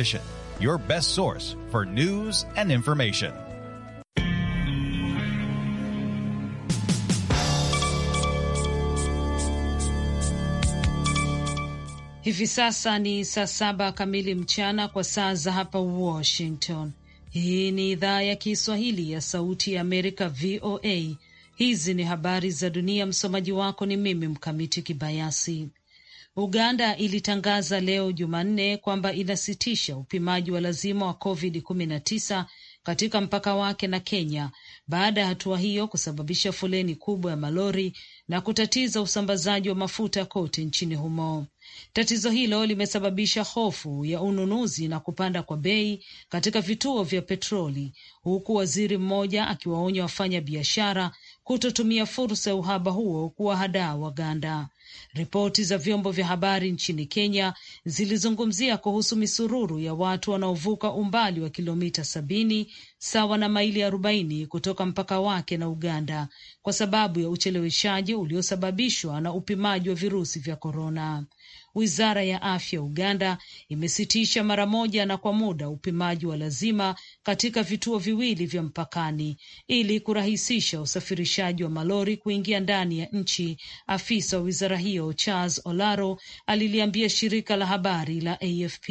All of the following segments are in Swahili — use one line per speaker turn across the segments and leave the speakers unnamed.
Vision, your best source for news and information. Hivi sasa ni saa saba kamili mchana kwa saa za hapa Washington. Hii ni idhaa ya Kiswahili ya Sauti ya Amerika, VOA. Hizi ni habari za dunia. Msomaji wako ni mimi Mkamiti Kibayasi. Uganda ilitangaza leo Jumanne kwamba inasitisha upimaji wa lazima wa COVID-19 katika mpaka wake na Kenya baada ya hatua hiyo kusababisha foleni kubwa ya malori na kutatiza usambazaji wa mafuta kote nchini humo. Tatizo hilo limesababisha hofu ya ununuzi na kupanda kwa bei katika vituo vya petroli, huku waziri mmoja akiwaonya wafanya biashara kutotumia fursa ya uhaba huo kuwahadaa Waganda. Ripoti za vyombo vya habari nchini Kenya zilizungumzia kuhusu misururu ya watu wanaovuka umbali wa kilomita sabini sawa na maili arobaini kutoka mpaka wake na Uganda kwa sababu ya ucheleweshaji uliosababishwa na upimaji wa virusi vya korona. Wizara ya afya Uganda imesitisha mara moja na kwa muda upimaji wa lazima katika vituo viwili vya mpakani ili kurahisisha usafirishaji wa malori kuingia ndani ya nchi. Afisa wa wizara hiyo Charles Olaro aliliambia shirika la habari la AFP.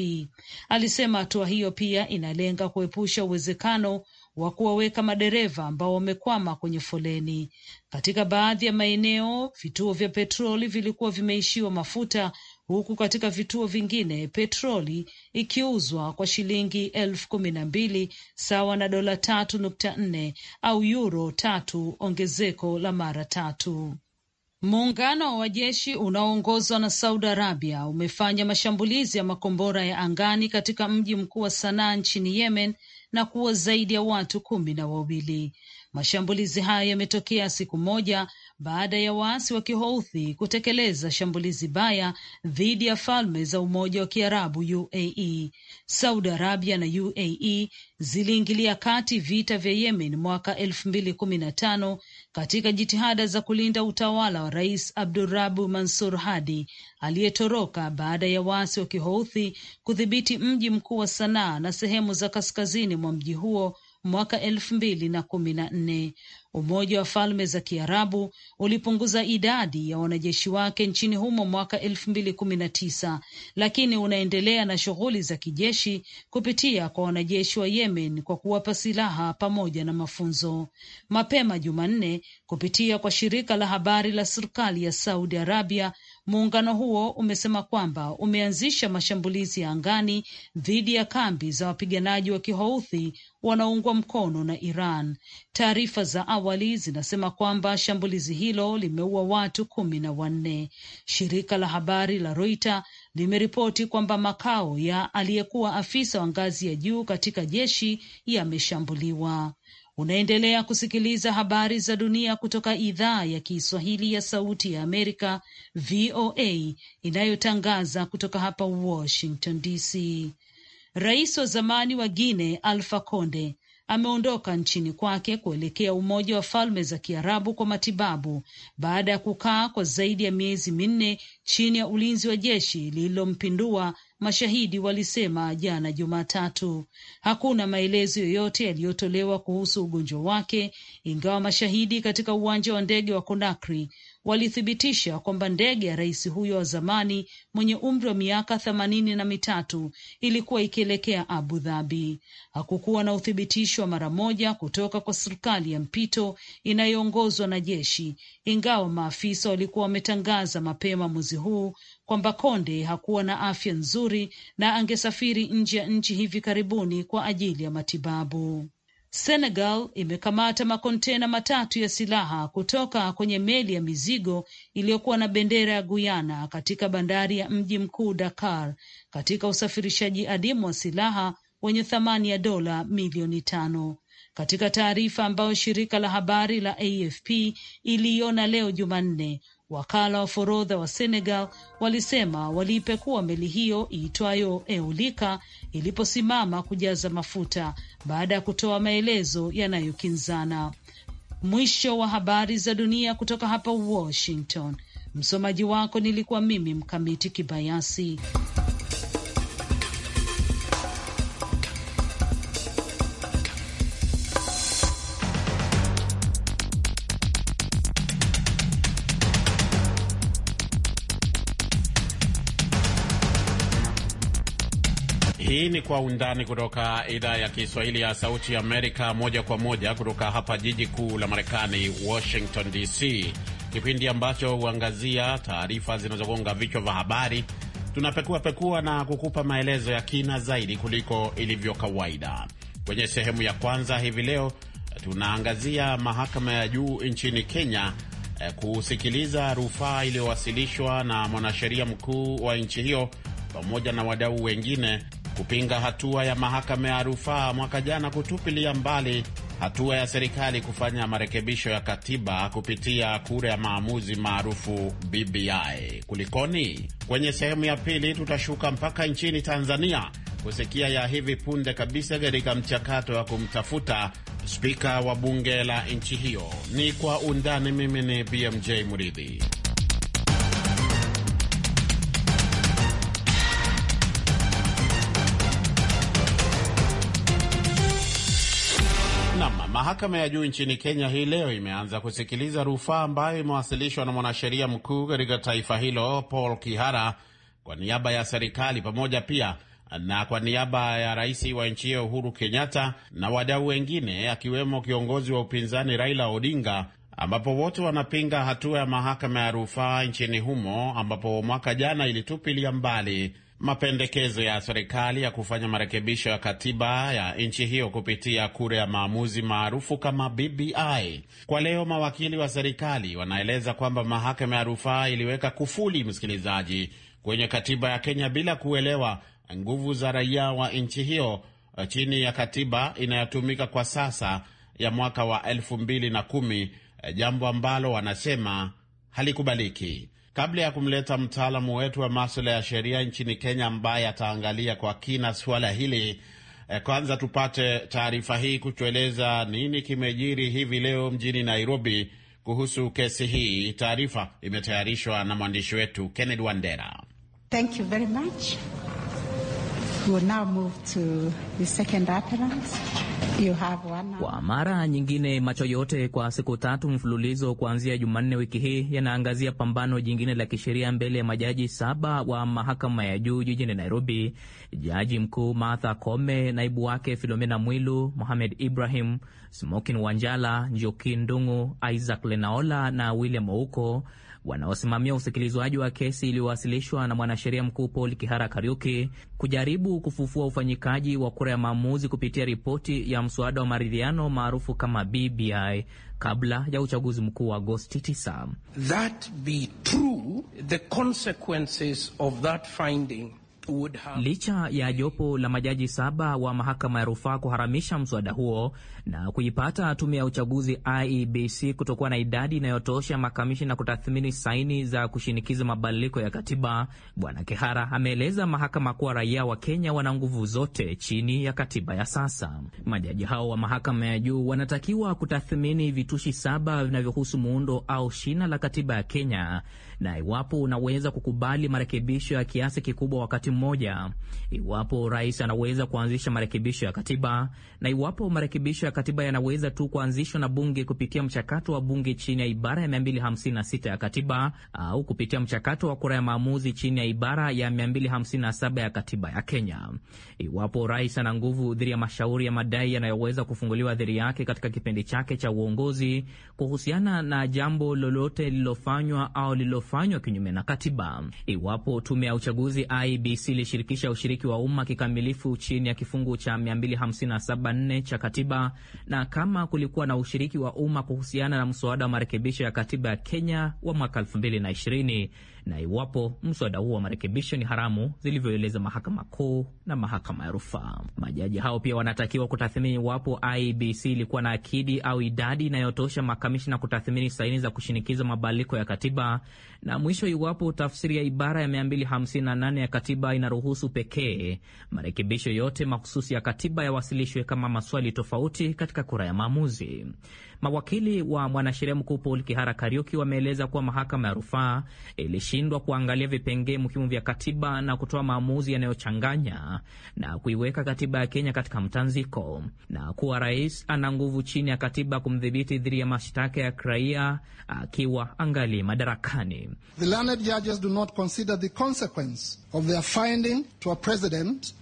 Alisema hatua hiyo pia inalenga kuepusha uwezekano wa kuwaweka madereva ambao wamekwama kwenye foleni. Katika baadhi ya maeneo, vituo vya petroli vilikuwa vimeishiwa mafuta huku katika vituo vingine petroli ikiuzwa kwa shilingi elfu kumi na mbili sawa na dola tatu nukta nne au yuro tatu ongezeko la mara tatu. Muungano wa jeshi unaoongozwa na Saudi Arabia umefanya mashambulizi ya makombora ya angani katika mji mkuu wa Sanaa nchini Yemen na kuwa zaidi ya watu kumi na wawili. Mashambulizi hayo yametokea siku moja baada ya waasi wa Kihouthi kutekeleza shambulizi baya dhidi ya Falme za Umoja wa Kiarabu UAE. Saudi Arabia na UAE ziliingilia kati vita vya Yemen mwaka elfu mbili kumi na tano katika jitihada za kulinda utawala wa Rais Abdurabu Mansur Hadi aliyetoroka baada ya waasi wa Kihouthi kudhibiti mji mkuu wa Sanaa na sehemu za kaskazini mwa mji huo mwaka elfu mbili na kumi na nne. Umoja wa Falme za Kiarabu ulipunguza idadi ya wanajeshi wake nchini humo mwaka elfu mbili kumi na tisa lakini unaendelea na shughuli za kijeshi kupitia kwa wanajeshi wa Yemen kwa kuwapa silaha pamoja na mafunzo. Mapema Jumanne, kupitia kwa shirika la habari la serikali ya Saudi Arabia, Muungano huo umesema kwamba umeanzisha mashambulizi ya angani dhidi ya kambi za wapiganaji wa kihouthi wanaoungwa mkono na Iran. Taarifa za awali zinasema kwamba shambulizi hilo limeua watu kumi na wanne. Shirika la habari la Reuters limeripoti kwamba makao ya aliyekuwa afisa wa ngazi ya juu katika jeshi yameshambuliwa. Unaendelea kusikiliza habari za dunia kutoka idhaa ya Kiswahili ya Sauti ya Amerika, VOA, inayotangaza kutoka hapa Washington DC. Rais wa zamani wa Guine Alfa Conde ameondoka nchini kwake kuelekea Umoja wa Falme za Kiarabu kwa matibabu baada ya kukaa kwa zaidi ya miezi minne chini ya ulinzi wa jeshi lililompindua mashahidi walisema jana Jumatatu. Hakuna maelezo yoyote yaliyotolewa kuhusu ugonjwa wake, ingawa mashahidi katika uwanja wa ndege wa Conakry walithibitisha kwamba ndege ya rais huyo wa zamani mwenye umri wa miaka themanini na mitatu ilikuwa ikielekea Abu Dhabi. Hakukuwa na uthibitisho wa mara moja kutoka kwa serikali ya mpito inayoongozwa na jeshi, ingawa maafisa walikuwa wametangaza mapema mwezi huu kwamba Konde hakuwa na afya nzuri na angesafiri nje ya nchi hivi karibuni kwa ajili ya matibabu. Senegal imekamata makontena matatu ya silaha kutoka kwenye meli ya mizigo iliyokuwa na bendera ya Guyana katika bandari ya mji mkuu Dakar, katika usafirishaji adimu wa silaha wenye thamani ya dola milioni tano. Katika taarifa ambayo shirika la habari la AFP iliiona leo Jumanne, Wakala wa forodha wa Senegal walisema waliipekua meli hiyo iitwayo Eulika iliposimama kujaza mafuta baada ya kutoa maelezo yanayokinzana. Mwisho wa habari za dunia kutoka hapa Washington. Msomaji wako nilikuwa mimi Mkamiti Kibayasi.
Hii ni Kwa Undani kutoka idhaa ya Kiswahili ya Sauti Amerika, moja kwa moja kutoka hapa jiji kuu la Marekani, Washington DC, kipindi ambacho huangazia taarifa zinazogonga vichwa vya habari. Tunapekuapekua na kukupa maelezo ya kina zaidi kuliko ilivyo kawaida. Kwenye sehemu ya kwanza hivi leo tunaangazia mahakama ya juu nchini Kenya eh, kusikiliza rufaa iliyowasilishwa na mwanasheria mkuu wa nchi hiyo pamoja na wadau wengine kupinga hatua ya mahakama ya rufaa mwaka jana kutupilia mbali hatua ya serikali kufanya marekebisho ya katiba kupitia kura ya maamuzi maarufu BBI. Kulikoni? Kwenye sehemu ya pili tutashuka mpaka nchini Tanzania kusikia ya hivi punde kabisa katika mchakato wa kumtafuta spika wa bunge la nchi hiyo. Ni kwa undani. Mimi ni BMJ Muridhi. Mahakama ya juu nchini Kenya hii leo imeanza kusikiliza rufaa ambayo imewasilishwa na mwanasheria mkuu katika taifa hilo Paul Kihara kwa niaba ya serikali pamoja pia na kwa niaba ya rais wa nchi hiyo Uhuru Kenyatta na wadau wengine akiwemo kiongozi wa upinzani Raila Odinga, ambapo wote wanapinga hatua ya mahakama ya rufaa nchini humo ambapo mwaka jana ilitupilia mbali mapendekezo ya serikali ya kufanya marekebisho ya katiba ya nchi hiyo kupitia kura ya maamuzi maarufu kama BBI. Kwa leo, mawakili wa serikali wanaeleza kwamba mahakama ya rufaa iliweka kufuli, msikilizaji, kwenye katiba ya Kenya bila kuelewa nguvu za raia wa nchi hiyo eh, chini ya katiba inayotumika kwa sasa ya mwaka wa elfu mbili na kumi, eh, jambo ambalo wanasema halikubaliki kabla ya kumleta mtaalamu wetu wa maswala ya sheria nchini Kenya ambaye ataangalia kwa kina suala hili. Eh, kwanza tupate taarifa hii kutueleza nini kimejiri hivi leo mjini Nairobi kuhusu kesi hii. Taarifa imetayarishwa na mwandishi wetu
Kenneth Wandera.
Thank you very much. We will now move to the second appearance. Kwa
mara nyingine, macho yote kwa siku tatu mfululizo kuanzia Jumanne wiki hii yanaangazia pambano jingine la kisheria mbele ya majaji saba wa mahakama ya juu jijini Nairobi: jaji mkuu Martha Koome, naibu wake Filomena Mwilu, Mohamed Ibrahim, Smokin Wanjala, Njoki Ndung'u, Isaac Lenaola na William Ouko wanaosimamia usikilizwaji wa kesi iliyowasilishwa na mwanasheria mkuu Paul Kihara Kariuki kujaribu kufufua ufanyikaji wa kura ya maamuzi kupitia ripoti ya mswada wa maridhiano maarufu kama BBI kabla ya uchaguzi mkuu wa Agosti 9. That be true, the consequences of that finding Licha ya jopo la majaji saba wa mahakama ya rufaa kuharamisha mswada huo, na kuipata tume ya uchaguzi IEBC kutokuwa na idadi inayotosha makamishina kutathmini saini za kushinikiza mabadiliko ya katiba, Bwana Kehara ameeleza mahakama kuwa raia wa Kenya wana nguvu zote chini ya katiba ya sasa. Majaji hao wa mahakama ya juu wanatakiwa kutathmini vitushi saba vinavyohusu muundo au shina la katiba ya Kenya na iwapo unaweza kukubali marekebisho ya kiasi kikubwa wakati mmoja, iwapo rais anaweza kuanzisha marekebisho ya katiba na iwapo marekebisho ya katiba yanaweza tu kuanzishwa na bunge kupitia mchakato wa bunge chini ya ibara ya 256 ya katiba au kupitia mchakato wa kura ya maamuzi chini ya ibara ya 257 ya katiba ya Kenya. Iwapo rais ana nguvu dhidi ya mashauri ya madai yanayoweza kufunguliwa dhidi yake katika kipindi chake cha uongozi kuhusiana na jambo lolote lililofanywa au lililofanywa kinyume na katiba. Iwapo tume ya uchaguzi IBC ilishirikisha ushiriki wa umma kikamilifu chini ya kifungu cha 257.4 cha katiba na kama kulikuwa na ushiriki wa umma kuhusiana na mswada wa marekebisho ya katiba ya Kenya wa mwaka 2020 na iwapo mswada huo wa marekebisho ni haramu zilivyoeleza mahakama kuu na mahakama ya rufaa. Majaji hao pia wanatakiwa kutathmini iwapo ibc ilikuwa na akidi au idadi inayotosha makamishina kutathmini saini za kushinikiza mabadiliko ya katiba, na mwisho, iwapo tafsiri ya ibara ya 258 ya katiba inaruhusu pekee marekebisho yote mahususi ya katiba yawasilishwe kama maswali tofauti katika kura ya maamuzi. Mawakili wa mwanasheria mkuu Paul Kihara Kariuki wameeleza kuwa mahakama ya rufaa ilishindwa kuangalia vipengee muhimu vya katiba na kutoa maamuzi yanayochanganya na kuiweka katiba ya Kenya katika mtanziko, na kuwa rais ana nguvu chini ya katiba kumdhibiti dhidi ya mashtaka ya kiraia akiwa angali madarakani.
The learned judges do not consider the consequence of their finding to a president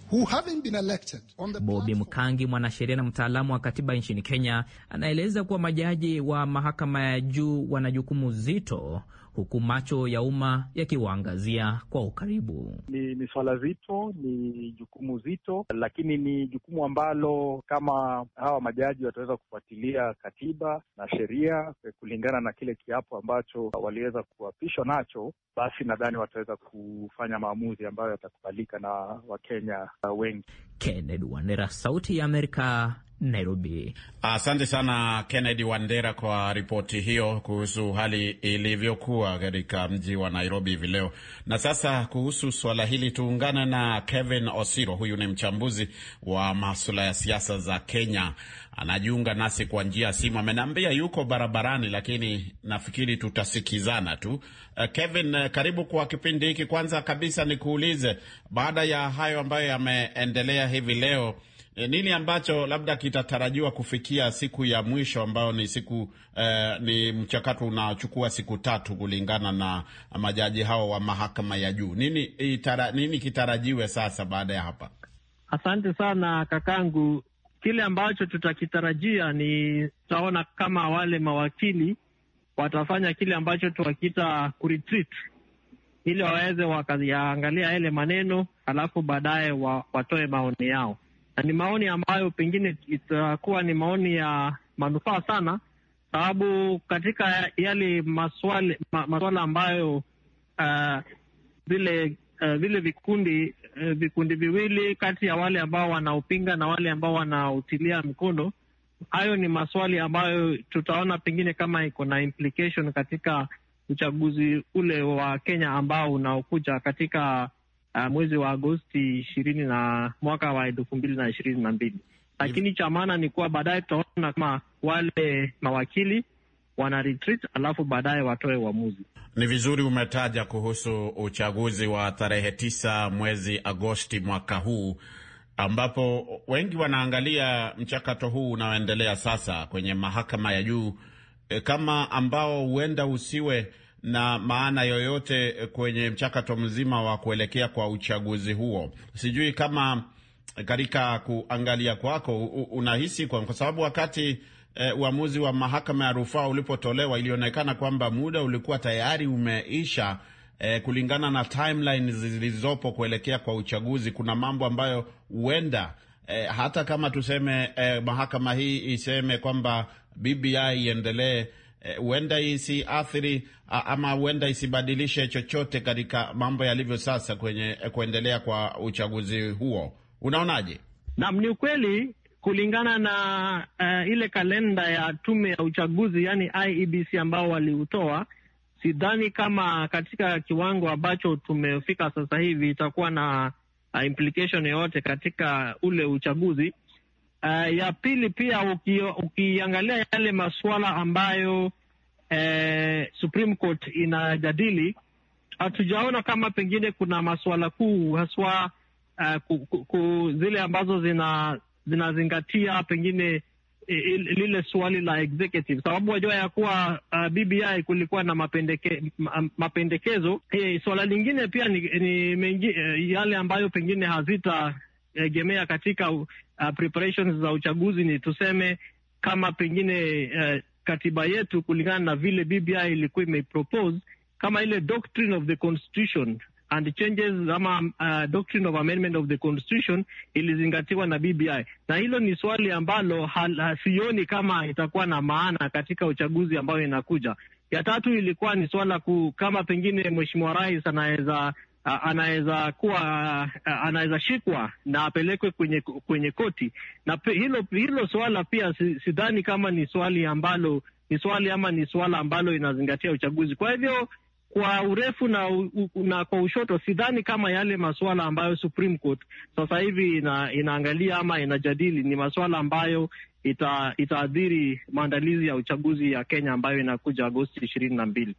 Bobi Mkangi, mwanasheria na mtaalamu wa katiba nchini Kenya, anaeleza kuwa majaji wa mahakama ya juu wana jukumu zito huku macho ya umma yakiwaangazia kwa ukaribu.
Ni, ni swala zito, ni jukumu zito, lakini ni jukumu ambalo kama hawa majaji wataweza kufuatilia katiba na sheria eh, kulingana na kile kiapo ambacho waliweza kuapishwa nacho, basi nadhani wataweza kufanya maamuzi ambayo yatakubalika na Wakenya eh, wengi. Kennedy
Wandera, Sauti ya Amerika, Nairobi.
Asante sana Kennedy Wandera kwa ripoti hiyo kuhusu hali ilivyokuwa katika mji wa Nairobi hivi leo. Na sasa kuhusu suala hili tuungane na Kevin Osiro, huyu ni mchambuzi wa masuala ya siasa za Kenya, anajiunga nasi kwa njia ya simu. Ameniambia yuko barabarani, lakini nafikiri tutasikizana tu. Eh, Kevin, eh, karibu kwa kipindi hiki. Kwanza kabisa nikuulize, baada ya hayo ambayo yameendelea hivi leo E, nini ambacho labda kitatarajiwa kufikia siku ya mwisho ambayo ni siku eh, ni mchakato unachukua siku tatu kulingana na majaji hao wa mahakama ya juu. Nini, itara, nini kitarajiwe sasa baada ya hapa?
Asante sana kakangu. Kile ambacho tutakitarajia ni tutaona kama wale mawakili watafanya kile ambacho tuwakiita kuretreat ili waweze wakayaangalia yale maneno, alafu baadaye wa, watoe maoni yao. Ah, ni maoni ambayo pengine itakuwa ni maoni ya manufaa sana, sababu katika yale maswala ma, maswala ambayo ah, vile uh, Uh, vile vikundi uh, vikundi viwili kati ya wale ambao wanaopinga na wale ambao wanautilia mkono. Hayo ni maswali ambayo tutaona pengine kama iko na implication katika uchaguzi ule wa Kenya ambao unaokuja katika uh, mwezi wa Agosti ishirini na mwaka wa elfu mbili na ishirini na mbili lakini cha maana ni kuwa baadaye tutaona kama wale mawakili wana retreat alafu baadaye watoe uamuzi. Ni vizuri umetaja kuhusu
uchaguzi wa tarehe tisa mwezi Agosti mwaka huu ambapo wengi wanaangalia mchakato huu unaoendelea sasa kwenye mahakama ya juu e, kama ambao huenda usiwe na maana yoyote kwenye mchakato mzima wa kuelekea kwa uchaguzi huo. Sijui kama katika kuangalia kwako unahisi kwa, kwa sababu wakati e, uamuzi wa mahakama ya rufaa ulipotolewa ilionekana kwamba muda ulikuwa tayari umeisha. E, kulingana na timeline zilizopo kuelekea kwa uchaguzi, kuna mambo ambayo huenda e, hata kama tuseme e, mahakama hii iseme kwamba BBI iendelee Eh, huenda e, isiathiri ama huenda isibadilishe chochote katika mambo yalivyo sasa kwenye eh, kuendelea kwa uchaguzi huo. Unaonaje?
Naam, ni ukweli kulingana na uh, ile kalenda ya tume ya uchaguzi yani IEBC ambao waliutoa, sidhani kama katika kiwango ambacho tumefika sasa hivi itakuwa na uh, implication yoyote katika ule uchaguzi Uh, ya pili pia ukiangalia yale masuala ambayo eh, Supreme Court inajadili, hatujaona kama pengine kuna masuala kuu haswa uh, ku, ku, ku, zile ambazo zina zinazingatia pengine lile swali la executive, sababu wajua ya kuwa uh, eh, BBI kulikuwa na mapendeke, mapendekezo. Hey, swala lingine pia ni, ni mengi, yale ambayo pengine hazita tunategemea katika uh, preparations za uchaguzi ni tuseme kama pengine uh, katiba yetu kulingana na vile BBI ilikuwa imepropose kama ile doctrine of the constitution and changes ama uh, doctrine of amendment of the constitution ilizingatiwa na BBI, na hilo ni swali ambalo uh, sioni kama itakuwa na maana katika uchaguzi ambayo inakuja. Ya tatu ilikuwa ni swala ku, kama pengine mheshimiwa rais anaweza anaweza kuwa anaweza shikwa na apelekwe kwenye kwenye koti, na hilo hilo swala pia sidhani kama ni swali ambalo ni swali ama ni swala ambalo inazingatia uchaguzi. Kwa hivyo kwa urefu na, u, na kwa ushoto sidhani kama yale masuala ambayo Supreme Court sasa hivi ina, inaangalia ama inajadili ni masuala ambayo ita, itaadhiri maandalizi ya uchaguzi ya Kenya ambayo inakuja Agosti ishirini na mbili.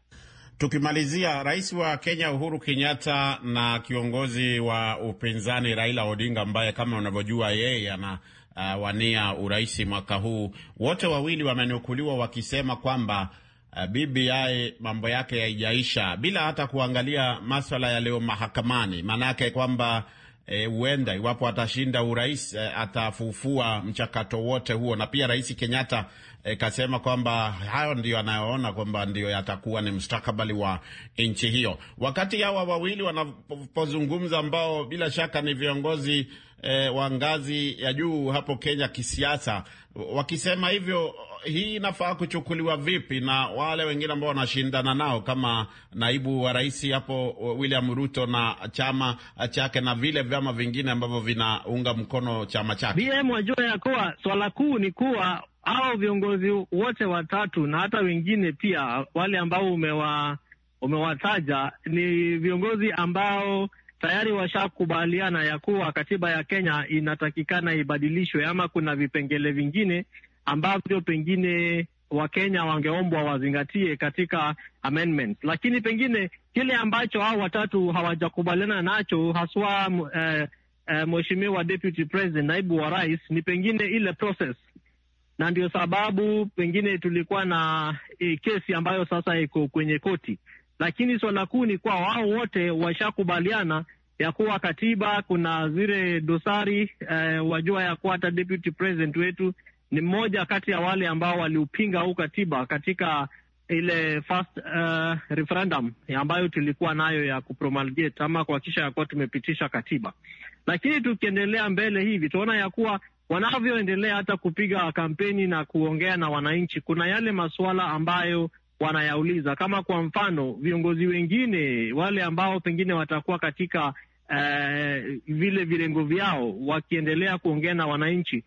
Tukimalizia, rais wa Kenya Uhuru
Kenyatta na kiongozi wa upinzani Raila Odinga ambaye kama unavyojua yeye ana uh, wania urais mwaka huu, wote wawili wamenukuliwa wakisema kwamba uh, BBI mambo yake yaijaisha bila hata kuangalia maswala yaliyo mahakamani, maanake kwamba uh, huenda e, iwapo atashinda urais e, atafufua mchakato wote huo, na pia rais Kenyatta Eh, kasema kwamba hayo ndio anayoona kwamba ndio yatakuwa ni mstakabali wa nchi hiyo. Wakati hawa wawili wanapozungumza, ambao bila shaka ni viongozi e, wa ngazi ya juu hapo Kenya kisiasa, wakisema hivyo, hii inafaa kuchukuliwa vipi na wale wengine ambao wanashindana nao kama naibu wa rais hapo William Ruto na chama chake na vile vyama vingine ambavyo vinaunga mkono chama
chake? Wajua ya kuwa swala kuu ni kuwa au viongozi wote watatu na hata wengine pia wale ambao umewa, umewataja ni viongozi ambao tayari washakubaliana ya kuwa katiba ya Kenya inatakikana ibadilishwe ama kuna vipengele vingine ambavyo pengine Wakenya wangeombwa wazingatie katika amendment. Lakini pengine kile ambacho hao watatu hawajakubaliana nacho haswa, eh, eh, Mheshimiwa Deputy President, naibu wa rais, ni pengine ile process na ndio sababu pengine tulikuwa na e, kesi ambayo sasa iko kwenye koti, lakini swala kuu ni kuwa wao wote washakubaliana ya kuwa katiba kuna zile dosari e, wajua ya kuwa hata deputy president wetu ni mmoja kati ya wale ambao waliupinga huu katiba katika ile first uh, referendum ambayo tulikuwa nayo ya kupromulgate ama kuhakikisha ya kuwa tumepitisha katiba. Lakini tukiendelea mbele hivi tunaona ya kuwa wanavyoendelea hata kupiga kampeni na kuongea na wananchi, kuna yale masuala ambayo wanayauliza, kama kwa mfano viongozi wengine wale ambao pengine watakuwa katika uh, vile virengo vyao wakiendelea kuongea na wananchi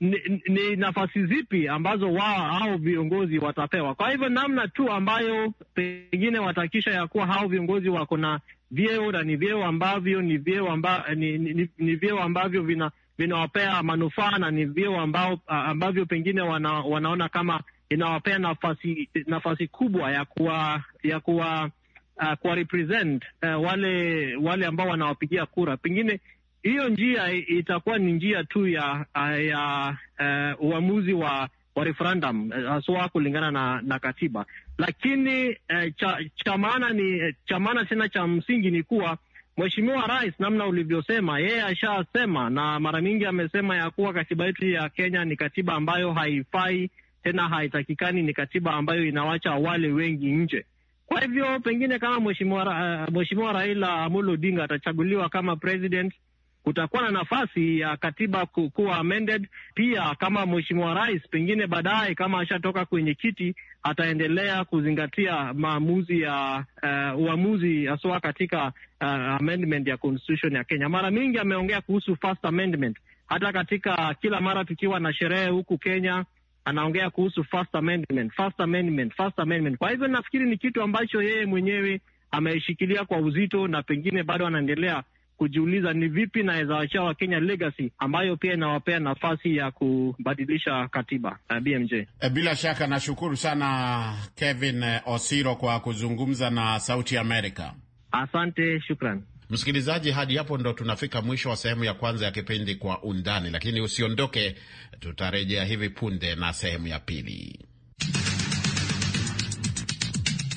ni, ni nafasi zipi ambazo wao hao viongozi watapewa. Kwa hivyo namna tu ambayo pengine watahakikisha ya kuwa hao viongozi wako na vyeo na ni vyeo ambavyo ni vyeo amba, ni, ni, ni vyeo ambavyo vina vinawapea manufaa na ni vyeo ambao ambavyo pengine wana, wanaona kama inawapea nafasi nafasi kubwa ya kuwa ya kuwa uh, kuwa represent uh, wale wale ambao wanawapigia kura. Pengine hiyo njia itakuwa ni njia tu ya ya uh, uamuzi wa wa referendum haswa kulingana na, na katiba, lakini uh, cha maana ni cha maana tena cha msingi ni kuwa Mheshimiwa Rais, namna ulivyosema, yeye ashasema na mara nyingi amesema ya kuwa katiba yetu ya Kenya ni katiba ambayo haifai tena haitakikani, ni katiba ambayo inawacha wale wengi nje. Kwa hivyo pengine kama Mheshimiwa Raila Amolo Odinga atachaguliwa kama president kutakuwa na nafasi ya katiba kuwa amended. Pia kama mheshimiwa rais pengine baadaye kama ashatoka kwenye kiti ataendelea kuzingatia maamuzi ya uh, uamuzi haswa katika uh, amendment ya constitution ya Kenya. Mara mingi ameongea kuhusu first amendment, hata katika kila mara tukiwa na sherehe huku Kenya anaongea kuhusu first amendment, first amendment, first amendment. Kwa hivyo nafikiri ni kitu ambacho yeye mwenyewe ameshikilia kwa uzito na pengine bado anaendelea kujiuliza ni vipi naweza wachia Wakenya legacy ambayo pia inawapea nafasi ya kubadilisha katiba. na eh, BMJ, eh, bila shaka nashukuru
sana Kevin eh, Osiro kwa kuzungumza na Sauti Amerika.
Asante, shukran.
Msikilizaji, hadi hapo ndo tunafika mwisho wa sehemu ya kwanza ya kipindi Kwa Undani, lakini usiondoke, tutarejea hivi punde na sehemu ya pili.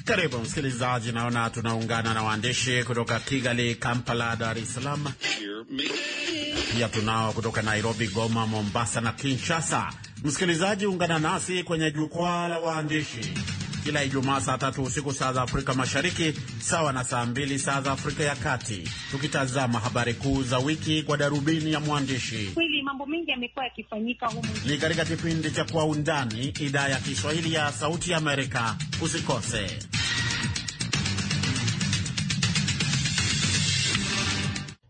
Karibu msikilizaji, naona tunaungana na waandishi kutoka Kigali, Kampala, Dar es Salaam, pia tunao kutoka Nairobi, Goma, Mombasa na Kinshasa. Msikilizaji, ungana nasi kwenye jukwaa la waandishi kila Ijumaa saa tatu usiku saa za Afrika Mashariki, sawa na saa mbili saa za Afrika ya Kati, tukitazama habari kuu za wiki kwa darubini ya mwandishi
mambo mengi yamekuwa yakifanyika humu.
Ni katika kipindi cha Kwa Undani, idhaa ya Kiswahili ya Sauti ya Amerika. Usikose.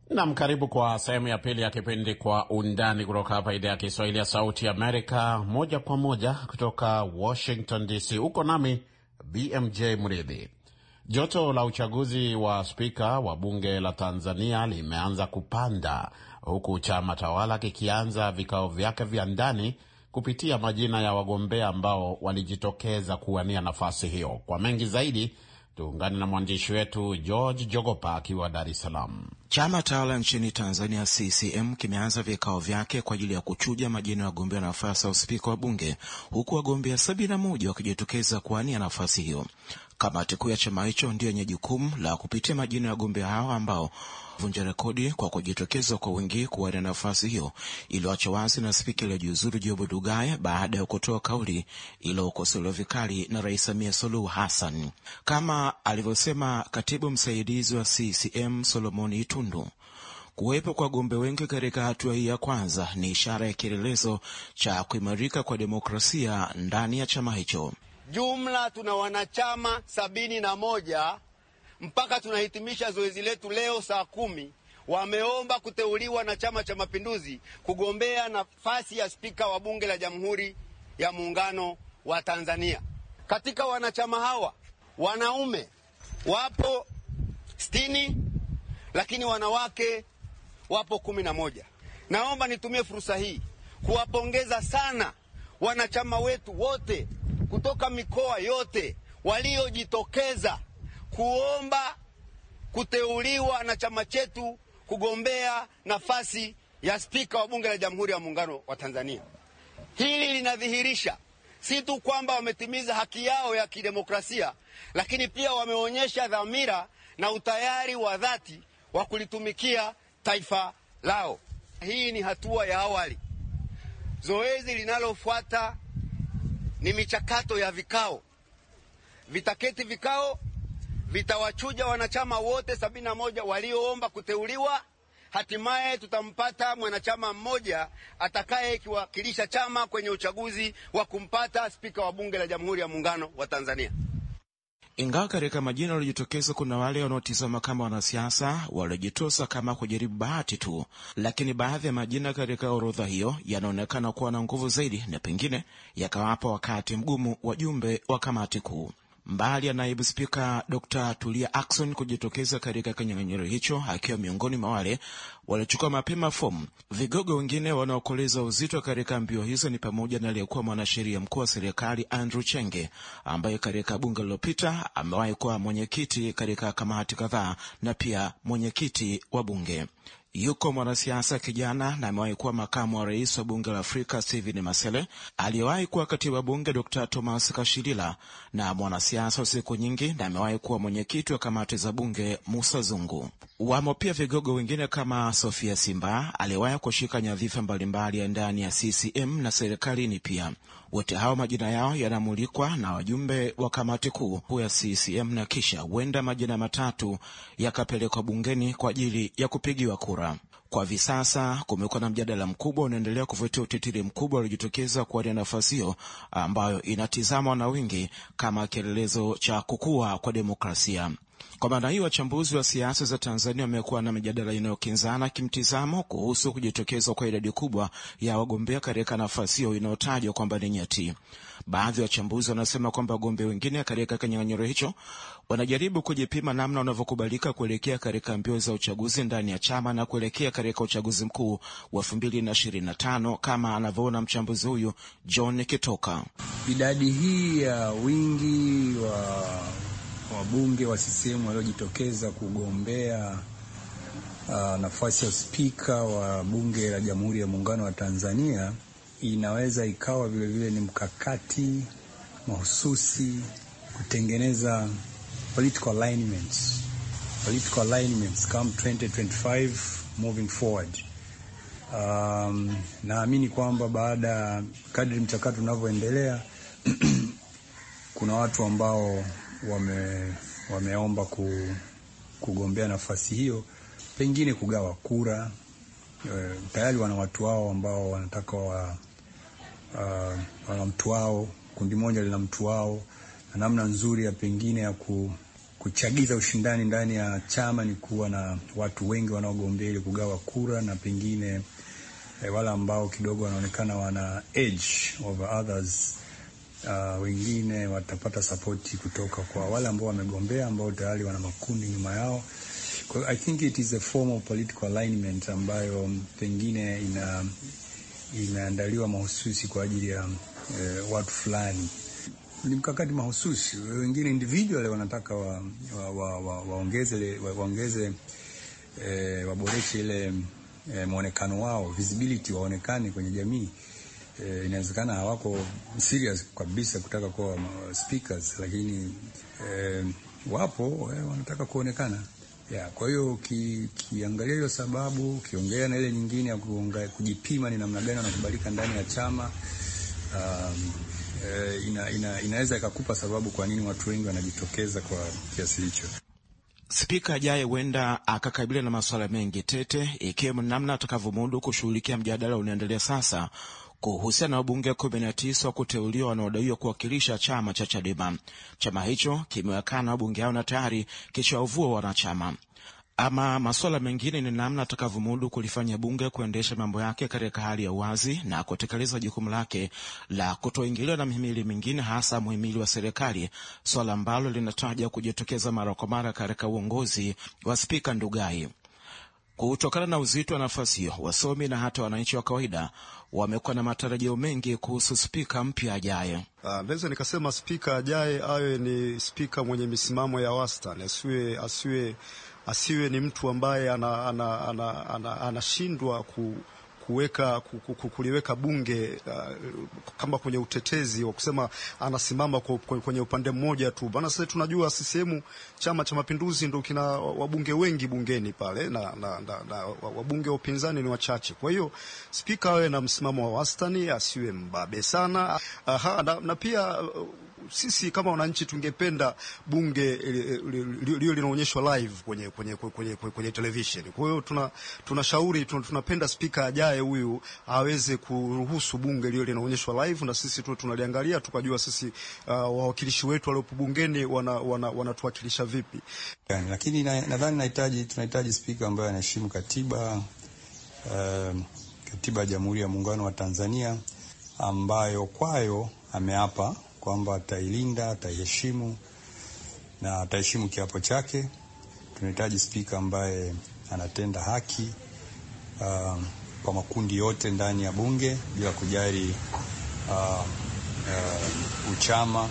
Nam, karibu kwa sehemu ya pili ya kipindi Kwa Undani kutoka hapa idhaa ya Kiswahili ya Sauti Amerika, moja kwa moja kutoka Washington DC. Uko nami BMJ Mridhi. Joto la uchaguzi wa spika wa bunge la Tanzania limeanza kupanda huku chama tawala kikianza vikao vyake vya ndani kupitia majina ya wagombea ambao walijitokeza kuwania nafasi hiyo. Kwa mengi zaidi tuungane na mwandishi wetu George Jogopa akiwa Dar es Salaam. Chama tawala nchini
Tanzania, CCM, kimeanza vikao vyake kwa ajili ya kuchuja majina ya wagombea nafasi ya uspika wa bunge, huku wagombea 71 wakijitokeza kuwania nafasi hiyo. Kamati kuu ya chama hicho ndiyo yenye jukumu la kupitia majina ya wagombea hao ambao vunja rekodi kwa kujitokeza kwa wingi kuwania nafasi hiyo iliyoacha wazi na spika aliyojiuzuru Job Ndugai baada ya kutoa kauli iliyokosolewa vikali na Rais Samia Suluhu Hassan, kama alivyosema katibu msaidizi wa CCM Solomoni Itundu. Kuwepo kwa wagombea wengi katika hatua hii ya kwanza ni ishara ya kielelezo cha kuimarika kwa demokrasia ndani ya chama hicho.
Jumla tuna wanachama sabini na moja mpaka tunahitimisha zoezi letu leo saa kumi. Wameomba kuteuliwa na Chama cha Mapinduzi kugombea nafasi ya spika wa Bunge la Jamhuri ya Muungano wa Tanzania. Katika wanachama hawa wanaume wapo sitini, lakini wanawake wapo kumi na moja. Naomba nitumie fursa hii kuwapongeza sana wanachama wetu wote kutoka mikoa yote waliojitokeza kuomba kuteuliwa na chama chetu kugombea nafasi ya spika wa bunge la Jamhuri ya Muungano wa Tanzania. Hili linadhihirisha si tu kwamba wametimiza haki yao ya kidemokrasia, lakini pia wameonyesha dhamira na utayari wa dhati wa kulitumikia taifa lao. Hii ni hatua ya awali. Zoezi linalofuata ni michakato ya vikao. Vitaketi vikao, vitawachuja wanachama wote sabini na moja walioomba kuteuliwa. Hatimaye tutampata mwanachama mmoja atakayekiwakilisha chama kwenye uchaguzi wa kumpata spika wa bunge la Jamhuri ya Muungano wa Tanzania.
Ingawa katika majina waliojitokeza kuna wale wanaotizama kama wanasiasa waliojitosa kama kujaribu bahati tu, lakini baadhi ya majina katika orodha hiyo yanaonekana kuwa na nguvu zaidi na pengine yakawapa wakati mgumu wajumbe wa kamati kuu. Mbali ya naibu spika Dr Tulia Akson kujitokeza katika kinyang'anyiro hicho akiwa miongoni mwa wale waliochukua mapema fomu, vigogo wengine wanaokoleza uzito katika mbio hizo ni pamoja na aliyekuwa mwanasheria mkuu wa serikali Andrew Chenge ambaye katika bunge lililopita amewahi kuwa mwenyekiti katika kamati kadhaa na pia mwenyekiti wa bunge. Yuko mwanasiasa kijana na amewahi kuwa makamu wa rais wa bunge la Afrika stehen Masele, aliyewahi kuwa katibu wa bunge Dr Thomas Kashilila na mwanasiasa wa siku nyingi na amewahi kuwa mwenyekiti wa kamati za bunge Musa Zungu. Wamo pia vigogo wengine kama Sofia Simba aliyewahi kushika nyadhifa mbalimbali ya ndani ya CCM na serikalini pia. Wote hao majina yao yanamulikwa na wajumbe wa kamati kuu ya CCM na kisha huenda majina matatu yakapelekwa bungeni kwa ajili ya kupigiwa kura biashara. Kwa hivi sasa kumekuwa na mjadala mkubwa unaendelea kufuatia utitiri mkubwa uliojitokeza kuwania nafasi hiyo ambayo inatizamwa na wingi kama kielelezo cha kukua kwa demokrasia. Kwa maana hiyo, wachambuzi wa siasa za Tanzania wamekuwa na mijadala inayokinzana kimtizamo kuhusu kujitokeza kwa idadi kubwa ya wagombea katika nafasi hiyo inayotajwa kwamba ni nyeti. Baadhi ya wachambuzi wanasema kwamba wagombea wengine katika kinyang'anyiro hicho wanajaribu kujipima namna wanavyokubalika kuelekea katika mbio za uchaguzi ndani ya chama na kuelekea katika uchaguzi mkuu wa 2025 kama anavyoona mchambuzi huyu John Kitoka.
Idadi hii ya wingi wa wabunge wa CCM waliojitokeza kugombea uh, nafasi ya spika wa bunge la Jamhuri ya Muungano wa Tanzania inaweza ikawa vilevile ni mkakati mahususi kutengeneza political alignments, political alignments come 2025 moving forward. Um, naamini kwamba baada ya kadri mchakato unavyoendelea kuna watu ambao wame, wameomba kugombea nafasi hiyo, pengine kugawa kura e, tayari wana watu wao ambao wanataka wa, uh, wana mtu wao, kundi moja lina mtu wao, na namna nzuri ya pengine ya ku, kuchagiza ushindani ndani ya chama ni kuwa na watu wengi wanaogombea ili kugawa kura na pengine e, wale ambao kidogo wanaonekana wana edge over others uh, wengine watapata sapoti kutoka kwa wale ambao wamegombea ambao tayari wana makundi nyuma yao. Kwa hiyo I think it is a form of political alignment ambayo mm, pengine ina imeandaliwa mahususi kwa ajili ya eh, watu fulani. Ni mkakati mahususi. Wengine individual wanataka waongeze wa, wa, wa, waongeze wa eh, waboreshe ile eh, mwonekano wao, visibility, waonekane kwenye jamii. E, inawezekana hawako serious kabisa kutaka kuwa uh, speakers, lakini e, wapo e, wanataka kuonekana ya. Kwa hiyo ukiangalia ki hiyo sababu ukiongea na ile nyingine ya kujipima ni namna gani wanakubalika ndani ya chama um, e, ina, ina, inaweza ikakupa sababu kwa nini watu wengi wanajitokeza kwa kiasi hicho.
Spika ajaye huenda akakabiliwa na masuala mengi tete, ikiwemo namna atakavyomudu kushughulikia mjadala unaendelea sasa kuhusiana na wabunge kumi na tisa wa kuteuliwa wanaodaiwa kuwakilisha chama cha Chadema. Chama hicho kimewakana wabunge hao na tayari kishawavua wanachama. Ama masuala mengine ni namna atakavyomudu kulifanya bunge kuendesha mambo yake katika hali ya uwazi na kutekeleza jukumu lake la kutoingiliwa na mihimili mingine, hasa muhimili wa serikali, suala ambalo linataja kujitokeza mara kwa mara katika uongozi wa Spika Ndugai. Kutokana na uzito wa nafasi hiyo, wasomi na hata wananchi wa kawaida wamekuwa
na matarajio mengi kuhusu spika
mpya ajaye.
Ah, naweza nikasema spika ajaye awe ni spika mwenye misimamo ya wastani, asiwe asiwe asiwe ni mtu ambaye anashindwa ana, ana, ana, ana, ana ku kuweka kuliweka bunge uh, kama kwenye utetezi wa kusema anasimama kwenye upande mmoja tu bana. Sasa tunajua CCM, Chama cha Mapinduzi, ndio kina wabunge wengi bungeni pale na, na, na, na wabunge wa upinzani ni wachache. Kwa hiyo spika awe na msimamo wa wastani, asiwe mbabe sana. Aha, na, na pia uh, sisi kama wananchi tungependa bunge eh, eh, liyo linaonyeshwa live kwenye, kwenye, kwenye, kwenye television. Kwa hiyo tuna tunashauri tunapenda spika ajaye huyu aweze kuruhusu bunge liyo linaonyeshwa live, na sisi tu tunaliangalia tukajua sisi uh, wawakilishi
wetu waliopo bungeni wanatuwakilisha wana, wana vipi yani, lakini nadhani nahitaji tunahitaji spika ambaye anaheshimu katiba uh, katiba ya Jamhuri ya Muungano wa Tanzania ambayo kwayo ameapa kwamba atailinda, ataiheshimu na ataheshimu kiapo chake. Tunahitaji spika ambaye anatenda haki uh, kwa makundi yote ndani ya bunge bila kujali uh, uh, uchama uh,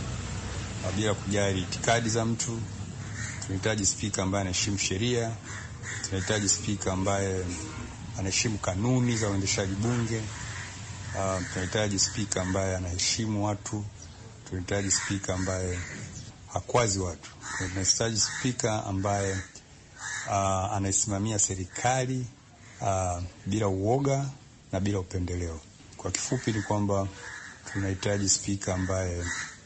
bila kujali itikadi za mtu. Tunahitaji spika ambaye anaheshimu sheria. Tunahitaji spika ambaye anaheshimu kanuni za uendeshaji bunge. Uh, tunahitaji spika ambaye anaheshimu watu tunahitaji spika ambaye hakwazi watu. Tunahitaji spika ambaye uh, anaisimamia serikali uh, bila uoga na bila upendeleo. Kwa kifupi ni kwamba tunahitaji spika ambaye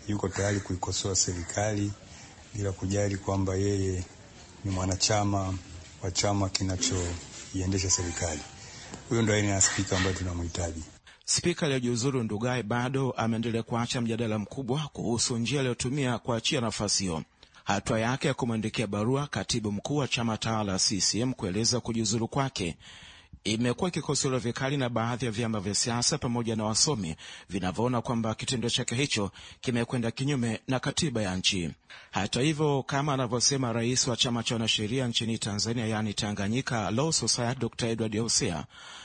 yuko tayari kuikosoa serikali bila kujali kwamba yeye ni mwanachama wa chama kinachoiendesha serikali. Huyo ndo aina ya spika ambayo tunamhitaji.
Spika aliyojiuzuru Ndugai bado ameendelea kuacha mjadala mkubwa kuhusu njia aliyotumia kuachia nafasi hiyo. Hatua yake ya kumwandikia barua katibu mkuu wa chama tawala CCM kueleza kujiuzuru kwake imekuwa ikikosolewa vikali na baadhi ya vyama vya siasa pamoja na wasomi vinavyoona kwamba kitendo chake hicho kimekwenda kinyume na katiba ya nchi. Hata hivyo, kama anavyosema rais wa chama cha wanasheria nchini Tanzania, yaani Tanganyika Law Society, Dr Edward Hosea,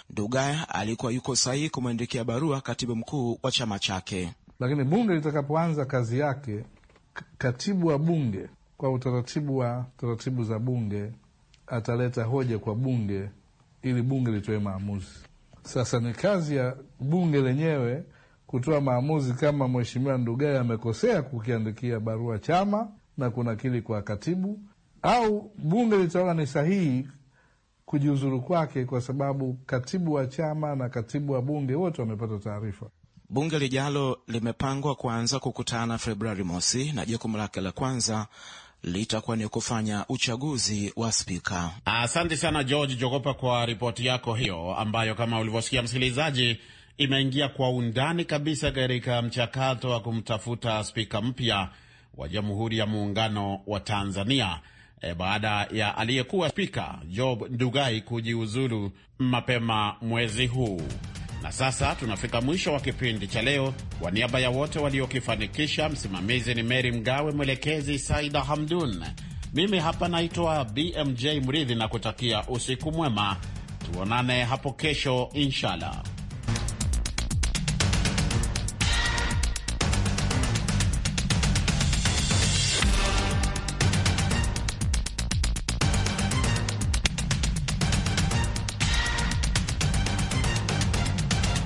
Dugaya alikuwa yuko sahihi kumwandikia barua katibu mkuu wa chama chake. Lakini bunge litakapoanza kazi yake, katibu wa bunge kwa utaratibu wa taratibu za bunge ataleta hoja kwa bunge ili bunge litoe maamuzi. Sasa ni kazi ya bunge lenyewe kutoa maamuzi kama mheshimiwa Ndugai amekosea kukiandikia barua chama na kunakili kwa katibu, au bunge litaona ni sahihi kujiuzuru kwake, kwa sababu katibu wa chama na katibu wa bunge wote wamepata taarifa. Bunge lijalo limepangwa kuanza kukutana Februari mosi, na jukumu lake la kwanza litakuwa ni kufanya uchaguzi wa spika.
Asante sana George Jogopa kwa ripoti yako hiyo, ambayo kama ulivyosikia msikilizaji, imeingia kwa undani kabisa katika mchakato wa kumtafuta spika mpya wa Jamhuri ya Muungano wa Tanzania e, baada ya aliyekuwa spika Job Ndugai kujiuzulu mapema mwezi huu. Na sasa tunafika mwisho wa kipindi cha leo. Kwa niaba ya wote waliokifanikisha, msimamizi ni Meri Mgawe, mwelekezi Saida Hamdun, mimi hapa naitwa BMJ Mridhi na kutakia usiku mwema. Tuonane hapo kesho inshallah.